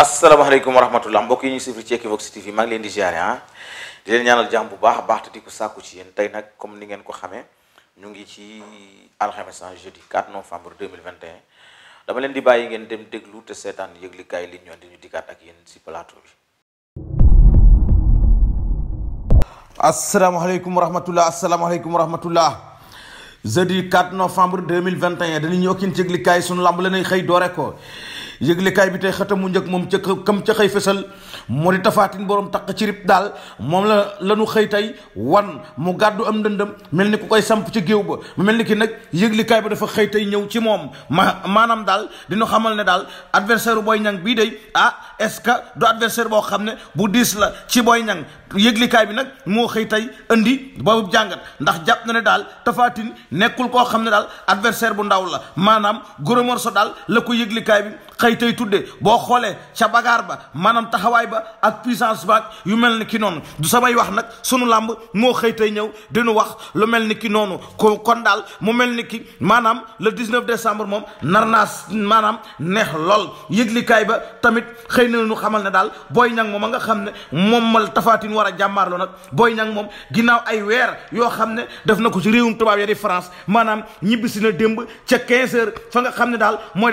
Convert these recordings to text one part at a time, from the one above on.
asalaamaaleykum wa rahmatullah mbokk yi ñu sifri ci Equivox TV maa ah bu baax a baax te di ko yéen tey nag comme ni ngeen ko xamee ñu ngi ci alxames ah jeudi 4 novembre 2021 dama leen di bàyyi ngeen dem déglu te seetaan yëglikaay li ñu andi ñu dikkaat ak yéen si plateau bi. asalaamaaleykum wa rahmatullah asalaamaaleykum wa rahmatullah jeudi 4 novembre 2021 dañu ñëw ak yéen ci yëglikaay sunu lamb la ñuy xëy doore ko. yëglekaay bi tey xetam mu njëkk moom ca kam ca xëy fesal moo di tafaatin borom taq ci rib daal moom la lanu xëy tey wan mu gàddu am ndëndam mel ni ku koy samp ci géew ba mu mel ni ki nag yëglekaay bi dafa xëy tey ñëw ci moom ma maanaam daal dina xamal ne daal adversaire Boy Niang bii day ah est-ce que du adversaire boo xam ne bu diis la ci Boy Niang yëglikaay bi nag moo xëy tey andi boobu jàngat ndax jàpp na ne daal tafaatin nekkul koo xam ne daal adversaire bu ndaw la maanaam Gros Morceau daal la ko bi tey tey tudde boo xoolee ca bagaar ba maanaam taxawaay ba ak puissance ba ak yu mel ni ki noonu du samay wax nag sunu làmb moo xëy tey ñëw dinu wax lu mel ni ki noonu ko kon daal mu mel ni ki maanaam le 19 décembre moom nar naa maanaam neex lool yëglikaay ba tamit xëy na nu xamal ne daal booy ñang moom a nga xam ne moom mal tafaatin war a jàmmaarloo nag booy ñang moom ginnaaw ay weer yoo xam ne def na ko ci réewum tubaab ya di France maanaam ñibbisi na démb ca 15 fa nga xam ne daal mooy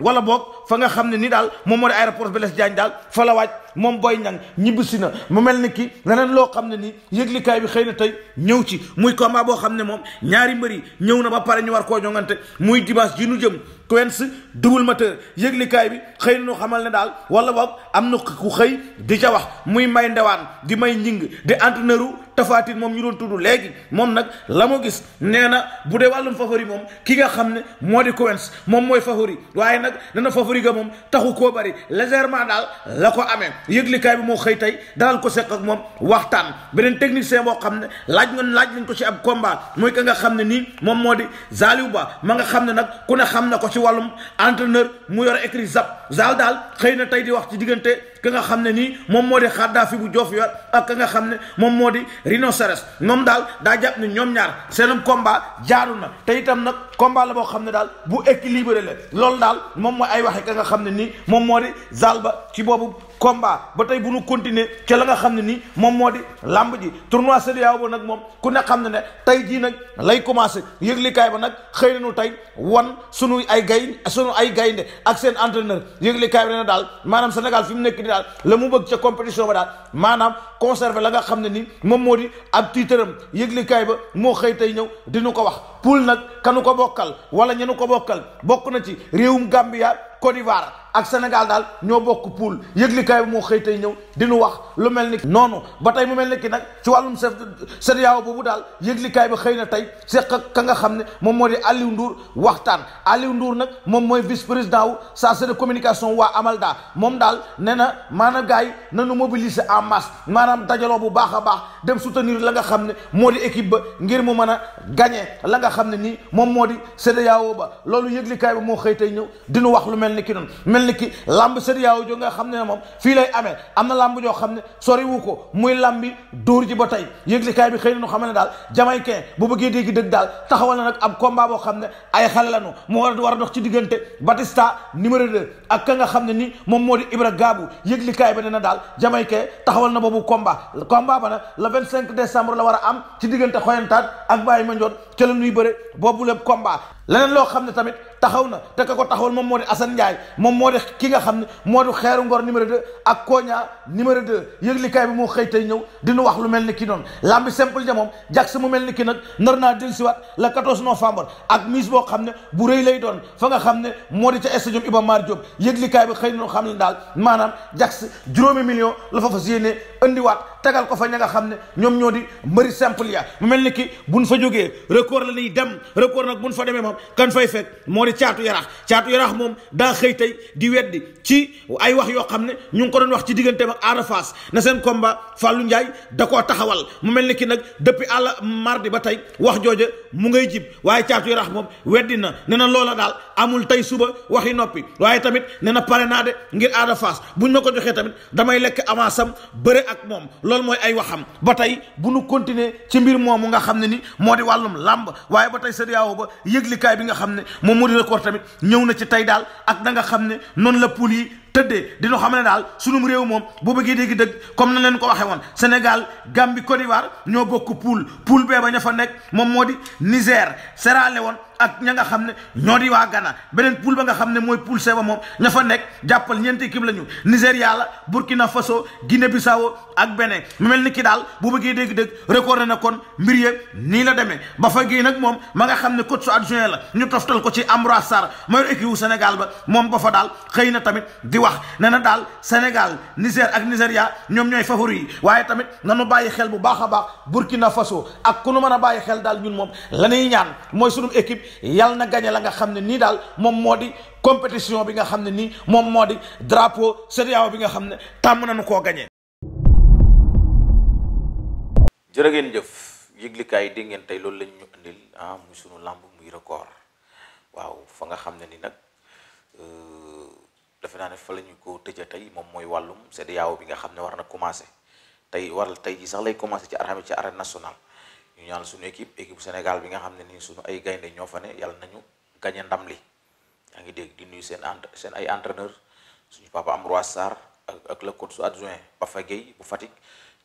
wala boog fa nga xam ne ni daal moom moo di aéroport Blaise Diagne daal fa moom booy Niang ñibbisi na mu mel ni ki leneen loo xam ne ni yëglikaay bi xëy na tey ñëw ci muy combat boo xam ne moom ñaari mbëri ñëw na ba pare ñu war koo jongante muy dimanche ji nu jëm Quench double moteur yëglikaay bi xëy na xamal ne daal wala boog am na ku xëy di ca wax muy may ndewaan di may njing di entraîneur tafaatin moom ñu doon tudd léegi moom nag la mu gis nee na bu dee wàllum favori moom ki nga xam ne moo di Quench moom mooy favori nag dana favori ga moom taxu koo bëri légèrement daal la ko amee yëglikaay bi moo xëy tey dalal ko seq ak moom waxtaan beneen technicien boo xam ne laaj nga laaj lañ ko ci ab combat mooy ka nga xam ne nii moom moo di Zaliou Ba ma nga xam ne nag ku ne xam na ko ci wàllum entraîneur mu yor écrit zap zal daal xëy na tey di wax ci diggante ka nga xam ne nii moom moo di xàddaafi bu joof yor ak ka nga xam ne moom moo di rhinocéros moom daal daa jàpp ne ñoom ñaar seenum comba jaaru na te itam nag combat la boo xam ne daal bu équilibré la loolu daal moom mooy ay waxe ka nga xam ne nii moom moo di ba ci boobu combat ba tey bu nu continuer ca la nga xam ne nii moom moo di làmb ji tournoi CEDEAO ba nag moom ku ne xam ne ne tey jii nag lay commencé yëglekaay ba nag xëy ne nu tey wan sunuy ay gay sunu ay gaynde ak seen entraîneur yëglikaay ba ne daal maanaam Sénégal fi mu nekk nii daal la mu bëgg ca compétition ba daal maanaam conserver la nga xam ne nii moom moo di ab tiitaram yëglikaay ba moo xëy tey ñëw dinu ko wax poul nag kanu ko bokkal wala ñenu ko bokkal bokk na ci réewum Gambia Côte d'Ivoire ak Sénégal daal ñoo bokk pool yëglikaay bi moo xëy tey ñëw dinu wax lu mel ni noonu ba tey mu mel ni ki nag ci wàllum chef CEDEAO boobu daal yëglikaay bi xëy na tey seq ak ka nga xam ne moom moo di Aliou Ndour waxtaan Aliou nag moom mooy vice président wu chargé de communication waa Amalda moom daal nee na maanaam gars yi nanu mobiliser en masse maanaam dajaloo bu baax a baax dem soutenir la nga xam ne moo di équipe ba ngir mu mën a la nga xam ne nii moom moo di CEDEAO ba loolu yëglikaay bi moo xëy tey ñëw dinu wax lu mel ni ki noonu mel ni ki lamb sëriñ yaaw jo nga xam ne moom fii lay amee am na lamb joo xam ne soriwu ko muy lambi dóor ji ba tey yëglikaay bi xëy na ñu xam na daal jamaïcain bu bëggee dégg dëgg daal taxawal na nag ab combat boo xam ne ay xale la mu war war a dox ci diggante Batista numéro ka nga xam ni moom moo di Ibra Gaabu yëglikaay ba ne na daal jamaïcain taxawal na boobu combat combat ba nag le 25 décembre la war a am ci diggante xoyantaat ak Baye Mandione ca la ñuy bëre boobu lépp combat leneen loo xam ne tamit taxaw na te ka ko taxawal moom moo di Assane Ndiaye moom moo di ki nga xam ne moo di xeeru ngor numéro 2 ak koña numéro de yëglikaay bi moo xëy tey ñëw dinu wax lu mel ni ki noonu lambi simple ja moom jax mu mel ni ki nag nar naa del siwaat le 14 novembre ak mise boo xam ne bu rëy lay doon fa nga xam ne moo di ca stadium Iba Mar Diop yëglikaay bi xëy na xam ne daal maanaam jax juróomi million la fa fas yéene andiwaat tegal ko fa ña xam ne ñoom ñoo di mbëri simple ya mu mel ni ki buñ fa jógee record la ñuy dem record nag buñ fa demee moom kan fay fekk moo di caatu yarax caatu yarax moom daa xëy tey di weddi ci ay wax yoo xam ne ñu ngi ko doon wax ci digganteem ak Ada Fass na seen combat Fallou Ndiaye da koo taxawal mu mel ni ki nag depuis àll mardi ba tey wax jooja mu ngay jib waaye caatu yarax moom weddi na ne na loola daal amul tey suba waxi noppi waaye tamit ne na pare naa de ngir Ada Fass buñ ko joxee tamit damay lekk avance am bëre ak moom loolu mooy ay waxam ba tey bu nu continuer ci mbir moomu nga xam ne ni moo di wàllum làmb waaye ba tey CEDEAO ba yëglikaay bi nga xam ne moom moo di record tamit ñëw na ci tey daal ak da nga xam ne noonu la poul tëddee dina xam ne daal sunum réew moom bu bëggee dégg dëgg comme na leen ko waxee woon Sénégal Gambie Côte d'Ivoire ñoo bokk poule poule bee ba ña fa nekk moom moo di Niger Sierra Leone ak ña nga xam ne ñoo di waa Ghana beneen poul ba nga xam ne mooy poul C ba moom ña fa nekk jàppal ñeenti équipe la ñu Nigéria la Burkina Faso Guinée Bissau ak beneen mu mel ni ki daal bu bëggee dégg dëgg record na kon mbir yëpp nii la demee ba fa géey moom ma nga xam ne coach adjoint la ñu toftal ko ci Ambroise Sarr mayor équipe wu Sénégal ba moom ba fa daal xëy na tamit wax ne na daal Sénégal Niger ak Nigeria ñoom ñooy favori yi waaye tamit nanu bàyyi xel bu baax a baax Burkina Faso ak ku nu mën a bàyyi xel daal ñun moom la ñuy ñaan mooy sunu équipe yal na gañe la nga xam ne nii daal moom moo di compétition bi nga xam ne nii moom moo di drapeau CEDEAO bi nga xam ne tàmm nañu koo gañe jërë ngeen jëf yëglikaay yi dégg ngeen tey loolu lañ ñu indil ah sunu làmb muy record waaw fa nga xam ne ni nag euh, defe naa ne fa la ko tëja tey moom mooy wàllum CEDEAO bi nga xam ne war na commencé tey waral tey ji sax lay commencé ci arami ci arène nationale ñu ñaan suñu équipe équipe bi nga xam ne nii suñu ay gaynde ñoo fa ne yàlla nañu gañe ndam li yaa ngi dégg di nuyu seen ent seen ay entraîneur suñu papa Ambroise Sarr ak ak le coach adjoint Bafa Gueye bu Fatick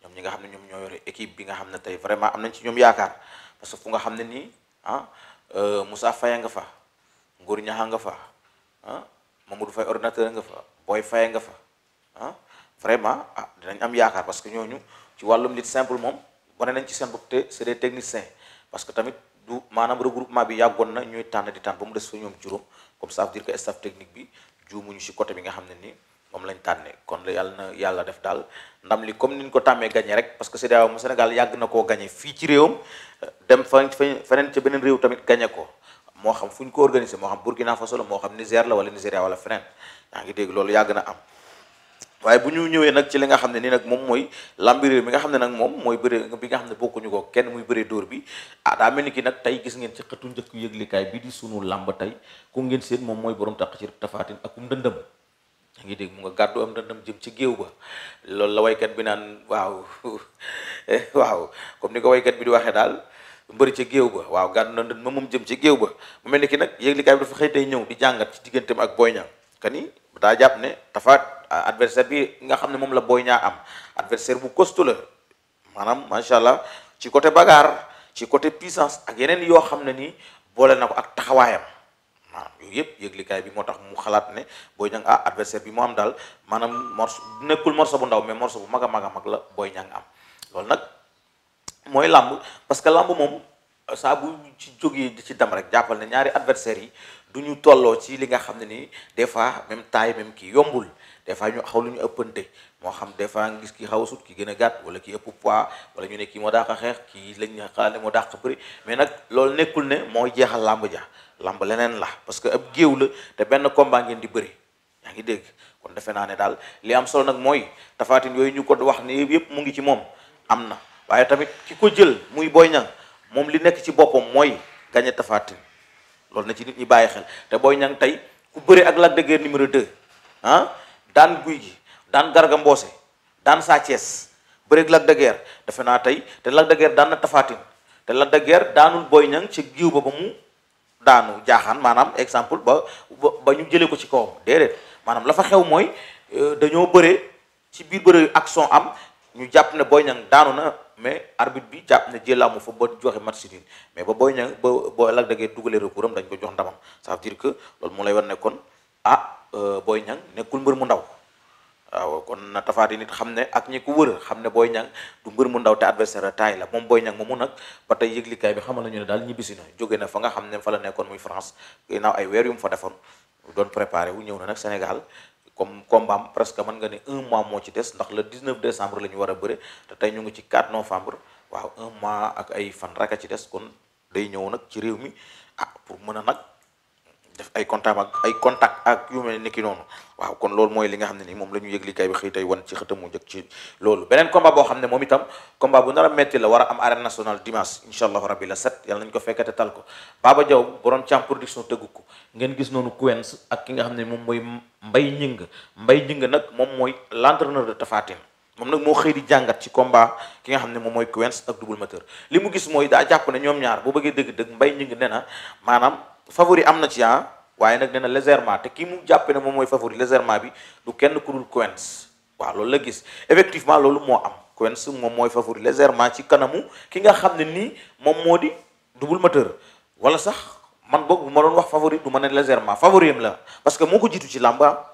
ñoom ñi nga xam ne ñoom ñoo yore équipe bi nga xam ne tey vraiment am nañ ci ñoom yaakaar parce que fu nga xam ne nii ah euh, Moussa Faye nga fa Ngor Niakha nga fa ah, moom Mamadou Faye ordinateur nga fa booy Faye nga fa ah vraiment ah dinañ am yaakaar parce que ñooñu ci wàllum lutte simple moom wane nañ ci seen bopp te c'est des techniciens parce que tamit du maanaam regroupement bi yàggoon na ñuy tànn di tànn ba mu des fa ñoom juróom comme ça veut dire que staff technique bi juumuñu ci côté bi nga xam ne ni moom lañ tànnee kon la yàlla na yàlla def daal ndam li comme niñ ko tàmmee gañee rek parce que CEDEAO mu Sénégal yàgg na koo gagné fii ci réewam dem fa feneen ca beneen réew tamit gagné ko moo xam fu ñu ko organisé moo xam Burkina Faso la moo xam Niger la wala Nigeria wala feneen yaa ngi dégg loolu yàgg na am waaye bu ñu ñëwee nag ci li nga xam ne ni nag moom mooy lambi réew nga xam ne nag moom mooy bëre bi nga xam ne bokkuñu ko kenn muy bëree dóor bi ah daa mel ni ki nag tey gis ngeen ci xëtu njëkk yëglikaay bi di sunu làmb tey ku ngeen seen moom mooy borom taq ci tafaatin akum ndëndëm yaa ngi dégg mu nga gàddu am ndëndëm jëm ci géew ba loolu la waykat bi naan waaw waaw comme ni ko waykat bi di waxee daal mbëri ca géew ba waaw gàddu na ndënd ma moom jëm ci géew ba mu mel ni ki nag yëglikaay bi dafa xëy tey ñëw di jàngat ci digganteem ak Boy Niang kani daa jàpp ne dafa adversaire bi nga xam ne moom la Boy Niang am adversaire bu costaud maanaam macha allah ci côté bagaar ci côté puissance ak yeneen yoo xam ne nii boole na ko ak taxawaayam maanaam yooyu yëpp yëglikaay bi moo tax mu xalaat ne Boy Niang ah adversaire bi mu am daal maanaam morso nekkul morso bu ndaw mais morso bu mag a mag a mag la Boy Niang am loolu nag. mooy làmb parce que làmb moom saa bu ci jógee di ci dem rek jàppal ne ñaari adversaires yi du ñu tolloo ci li nga xam ne nii des fois même taille même kii yombul des fois ñu xaw lu ñu ëppante moo xam des fois nga gis xaw a sut ki gën a gàtt wala ki ëpp pois wala ñu ne kii moo dàq xeex kii lañ ñu xaale moo dàq bëri mais nag loolu nekkul ne moo jeexal làmb ja làmb leneen la parce que ab géew la te benn combat ngeen di bëri yaa ngi dégg kon defe naa ne daal li am sol nag mooy tafaatin yooyu ñu ko wax ne yëpp mu ngi ci moom am na waaye tamit ki ko jël muy Boy Niang moom li nekk ci boppam mooy gagné Tapha Tine loolu na ci nit ñi bàyyi xel te Boy ñan tey ku bëre ak Lac de Guiers numéro 2 ah, daan guy gi daan Garga Mbossé daan Sa Thiès bëre ak Lac de defe naa tey te Lac de daan na Tapha Tine te Lac de Guiers daanul Boy Niang ci giw ba ba mu daanu jaaxaan maanaam exemple ba ba ñu jëlee ko ci kaw déedéet maanaam la fa xew mooy euh, dañoo bëre ci biir bëre action am ñu jàpp ne booy Niang daanu na mais arbitre bi jàpp ne jëlaamu fa ba joxe match nul mais ba booy Niang ba ba Lac de Guiers dugalee recours am dañ ko jox ndamam ça veut que loolu moo lay wan ne kon ah euh, Boy Niang nekkul mbër mu ndaw waaw kon na tafaati nit xam ne ak ñi ko wër xam ne Boy Niang du mbër mu ndaw te adversaire taay la moom Boy Niang moomu nag ba tey yëglikaay bi xamal nañu ne daal ñibbisi na jóge na fa nga xam ne fa la nekkoon muy France ginnaaw ay weer yu mu fa defoon doon préparé wu ñëw na nag Sénégal comme combat presque mën nga ne un mois moo ci des ndax le 19 décembre la ñu war a bëre te tey ñu ngi ci 4 novembre waaw un mois ak ay fan rek a ci des kon day ñëw nag ci réew mi ah pour mën a nag. def ay contact ak ay ak yu mel ni ki noonu waaw kon loolu mooy li nga xam ne nii moom la ñu yëg likaay bi xëy tey wan ci xëtamu njëkk ci loolu beneen combat boo xam ne moom itam combat bu nar a a am arène nationale dimanche incha allahu rabbi la set yàlla nañ ko fekkate tal ko ko ngeen gis noonu Quench ak ki nga xam ne moom mooy Mbaye Gningue Mbaye Gningue nag moom mooy l'entraîneur de Tapha Tine moom nag moo xëy di jàngat ci combat ki nga xam ne moom mooy Quench ak Double Moteur li mu gis mooy daa jàpp ne ñoom ñaar boo bëggee dëgg-dëgg Mbaye Gningue ne na maanaam favori am na ci ah waaye nag nee na te ki mu jàppe na moom mooy favori légèrement bi lu kenn ku dul Coens waaw loolu la gis effectivement loolu moo am Coens moom mooy favori légèrement ci kanamu ki nga xam ne nii moom moo di double moteur wala sax man boog bu ma doon wax favori du ma ne légèrement favori am la parce que moo ko jiitu ci làmba ah.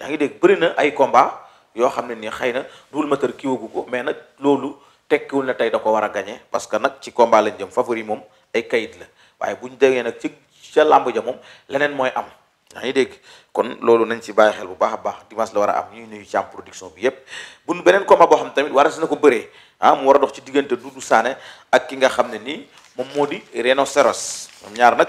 yaa ngi dégg bëri na ay combat yoo xam ne nii xëy na double moteur kiiwagu ko mais nag loolu tekkiwul na tey da ko war a gagné parce que nag ci combat lañ favori moom ay kayit la waaye bu nag ca làmb ja moom leneen mooy am yaa ngi dégg kon loolu nañ ci bàyyi xel bu baax a baax dimanche la war a am ñuy nuyu càmm production bi yépp buñ beneen combat boo xam tamit war a na ko bëree ah mu war a ci diggante Doudou Sané ak ki nga xam ne nii moom moo di Rhinocéros ñoom ñaar nag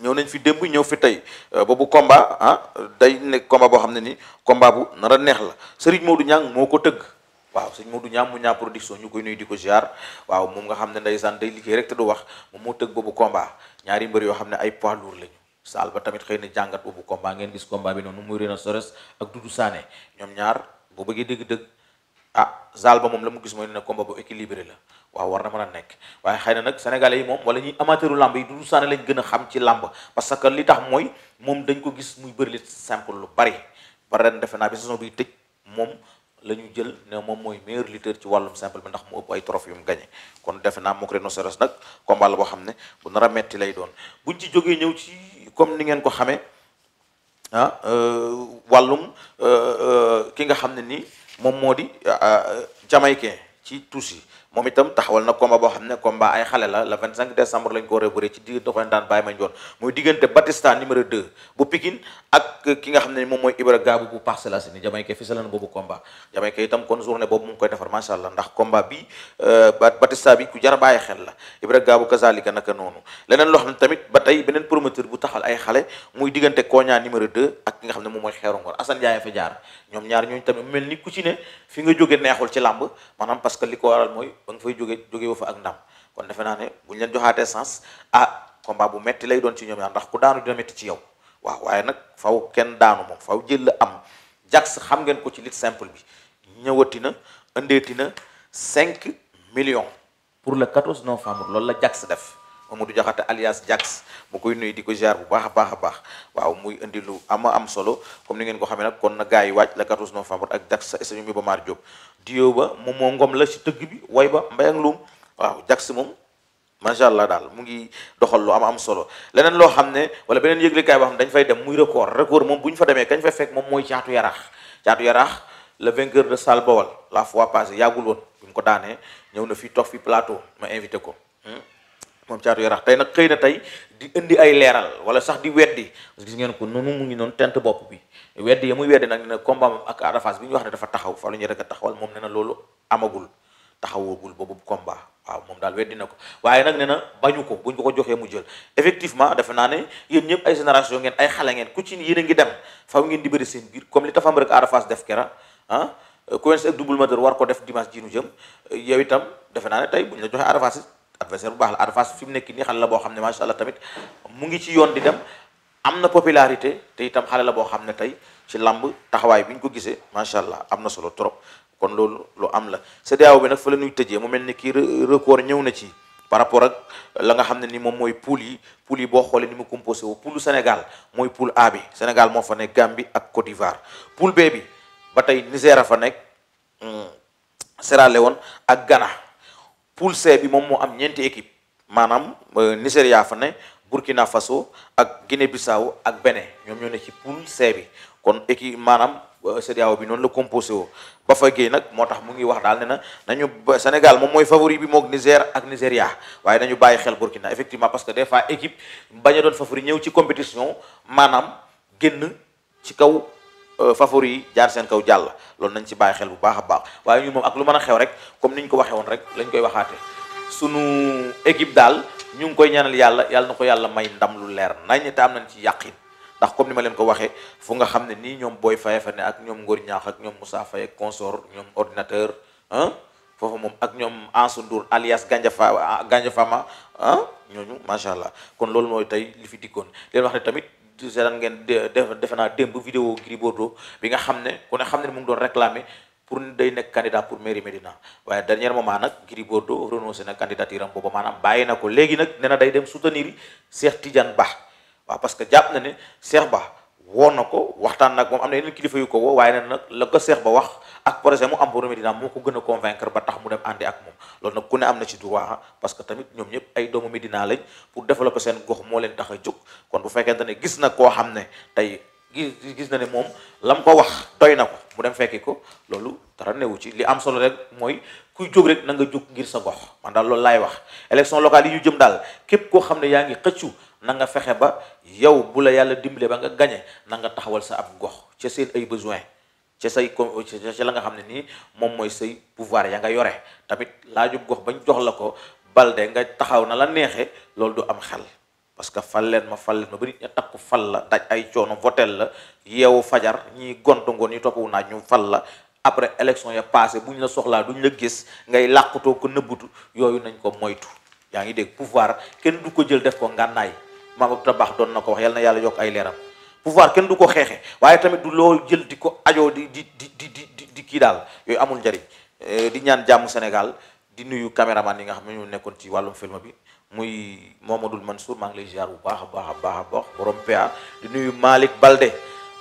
ñëw nañ fi démb ñëw fi tey euh, boobu combat ah day nekk combat boo xam ne nii combat bu nar a neex la Serigne Modou Niang moo ko tëgg waaw sëñ Modou ñaam mu ñaam production ñu koy nuyu di ko ziar waaw moom nga xam ne ndeysaan day liggéey rek te du wax moom moo tëgg boobu combat ñaari mbër yoo xam ne ay poids lourd lañu tamit xëy na jàngat boobu combat ngeen gis combat bi noonu muy Rena Sores ñoom ñaar boo bëggee dëgg-dëgg ah saal ba moom la mu gis mooy ne combat bu équilibré la waaw war na a nekk waaye xëy na nag sénégalais yi wala ñuy amateuru lamb yi Doudou Sané gën a xam ci lamb parce que li tax mooy moom dañ ko gis muy bëri li simple lu bari ba ren defe naa bi soo bi tëj moom la ñu jël ne moom mooy meilleur lutteur ci wàllum simple bi ndax mu ëpp ay trophée yu mu kon defe naa mook rhinocéros nag combat la boo xam ne bu nar a metti lay doon buñ ci jógee ñëw ci comme ni ngeen ko xame ah euh, wàllum euh, euh, ki nga xam ne ni moom moo di jamaïcain ci tuusi moom itam taxawal na combat boo xam ne combat ay xale la le 25 décembre lañ ko révéré ci diggante ko ma njoon muy diggante Batista numéro 2 bu Pikine ak ki nga xam mooy Ibra Gaabu bu Parcelles Assainies Jamaïque fësal na boobu combat Jamaïque itam kon journée boobu mu ngi koy defar macha allah ndax combat bi euh, Batista bi ku jar xel la Ibra Gaabu kazalika naka noonu leneen loo xam ne tamit ba tey beneen promoteur bu taxal ay xale muy diggante Koña numéro 2 ak ki nga xam ne moom mooy Xeeru Ngor Assane Ndiaye fa jaar ñoom ñaar ñooñu tamit mel ni ku ci ne fi nga jóge neexul ci làmb maanaam que li ko waral mooy ba nga fay jógee jóge woo fa ak ndam kon defe naa ne bu ñu leen joxaatee sens ah combat bu metti lay doon ci ñoom ñaar ndax ku daanu dina metti ci yow waaw waaye nag faw kenn daanu moom faw jël la am jax xam ngeen ko ci lit simple bi ñëwati na ëndeeti na 5 millions pour le 14 novembre loolu la jax def Mamadou Diakhaté alias jax mu koy nuyu di ko ziar bu baax a baax a baax waaw muy indi lu ama am solo comme ni ngeen ko xamee nag kon na gars yi waaj la 14 novembre ak Dax moom moo ngom la si tëgg bi way ba mbay ak luum waaw Dax moom macha allah daal mu ngi doxal lu am am solo leneen loo xam ne wala beneen yëglekaay boo xam ne dañ fay dem muy record record moom bu ñu fa demee kañ fa fekk moom mooy caatu yaraax caatu yaraax le vainqueur de Sal la fois passée yàggul woon mu ko daanee ñëw na fi toog fi plateau ma invité ko moom caatu yarax tey nag xëy na tey di indi ay leeral wala sax di weddi parce que gis ngeen ko noonu mu ngi noonu tent bopp bi weddi ya muy weddi nag ne combat am ak Ada wax ne dafa taxaw fa lu ñu rek taxawal moom ne na loolu amagul taxawoogul boobu combat waaw moom daal weddi na ko waaye nag ne na bañu ko buñ ko ko mu jël effectivement defe naa ne yéen ñëpp ay génération ngeen ay xale ngeen ku ci ngi dem faw ngeen di bëri seen biir comme li tafam rek Ada Fass def kera ah Quench ak double moteur war ko def dimanche ji nu jëm yow itam defe naa ne tey buñ la joxee Ada adversaire bu baax la Ada Fass fi mu nekk nii xale la boo xam ne macha allah tamit mu ngi ci yoon di dem am na popularité te itam xale la boo xam ne tey ci làmb taxawaay bi ñu ko gisee macha allah am na solo trop kon loolu lu am la CEDEAO bi nag fa la ñuy tëjee mu mel ni kii record ñëw na ci par rapport ak la nga xam ne ni moom mooy poule yi poule yi boo xoolee ni mu composé wu pulu Sénégal mooy poule A bi Sénégal moo fa nekk Gambie ak Côte d'Ivoire poule B bi ba tey Niger a fa nekk hmm, Sierra Leone ak Ghana. poule C bi moom moo am ñeenti équipe maanaam euh, Nigéria fa ne Burkina Faso ak Guinée Bissau ak Bénin ñoom ñoo ne ci poule C bi kon équipe maanaam euh, CEDEAO bi noonu la composé woo ba fa géey nag moo tax mu ngi wax daal ne na nañu Sénégal moom mooy favori bi moog Niger ak Nigeria waaye nañu bàyyi xel Burkina effectivement parce que des fois équipe bañ a doon favori ñëw ci compétition maanaam génn ci kaw Euh, favori yi jaar seen kaw jàll loolu nañ ci bàyyi xel bu baax a baax waaye ñun moom ak lu mën a xew rek comme ni ñu ko waxee woon rek lañ koy waxaate sunu équipe daal ñu ngi koy ñaanal yàlla yàlla na ko yàlla may ndam lu leer nañ te am nañ ci yàqin ndax comme ni ma leen ko waxee fu nga xam ne nii ñoom Boy Faye fa ak ñoom Ngor Ñaax ak ñoom Moussa Faye ak consort ñoom ordinateur ah foofu moom ak ñoom Ansu Ndour alias Ganja Fa Ganja Fama ah ñooñu macha allah kon loolu mooy tey li fi dikkoon leen wax ne tamit. seetaan ngeen def defe naa démb vidéo Gris Bordeaux bi nga xam ne ku xam ne mu ngi doon réclamer pour day nekk candidat pour mairie Médina waaye dernier moment nag Gris Bordeaux renoncé na candidature booba maanaam bàyyi na ko léegi nag nee na day dem soutenir Cheikh Tidiane Ba waaw parce que jàpp na ne Cheikh Ba woon na ko waxtaan nag moom am ne yeneen kilifa yu ko woo waaye nag la ko Cheikh Ba wax. ak projet mu am pour Médina moo ko gën a convaincre ba tax mu dem àndi ak moom loolu nag ku ne am na ci droit parce que tamit ñoom ñëpp ay doomu Médina lañ pour développer seen gox moo leen tax a jóg kon bu fekkente ne gis na koo xam ne tey gis gis na ne moom lam ko wax doy na ko mu dem fekki ko loolu dara newu ci li am solo rek mooy kuy jóg rek na nga jóg ngir sa gox man daal loolu laay wax élection locale yi ñu jëm daal képp koo xam ne yaa ngi xëccu na nga fexe ba yow bu la yàlla dimbalee ba nga gañe na nga taxawal sa ab gox ca seen ay besoin ca say ci la nga xam ne nii moom mooy say pouvoir ya nga yore tamit laajub gox bañ jox la ko balde nga taxaw na la neexee loolu du am xel parce que fal leen ma fal leen ma ba nit ña takku fal la daj ay coono votel la yeewu fajar ñiy gontu ngoon ñi toppu naaj ñu fal la après élection ya passé bu ñu la soxlaa duñ la gis ngay làqutoo ko nëbbutu yooyu nañ ko moytu yaa ngi dégg pouvoir kenn du ko jël def ko ngànnaay maam ab tabax doon na ko wax yal yàlla yokk ay leeram pouvoir kenn du ko xeexee waaye tamit du loo jël di ko ajoo di di di di di kii daal yooyu amul njariñ eh, di ñaan jàmm Sénégal di nuyu caméraman yi nga xam ne nekkoon ci wàllum film bi muy Momadou Mansour maa ngi lay ziar bu baax a baax a baax a baax borom PA di nuyu Malick Balde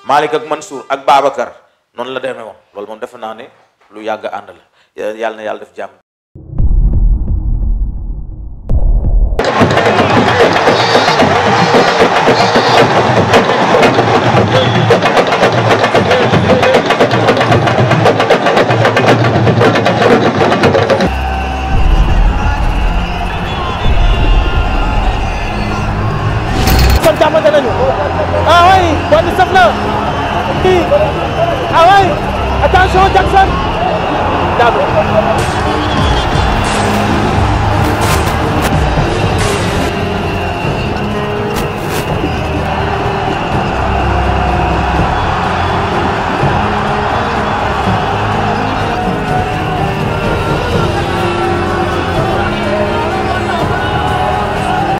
Malick ak Mansour ak Babacar noonu la demee woon loolu moom defe naa ne lu yàgg ànd la yàlla na yàlla def jàmm. attention Jackson daanu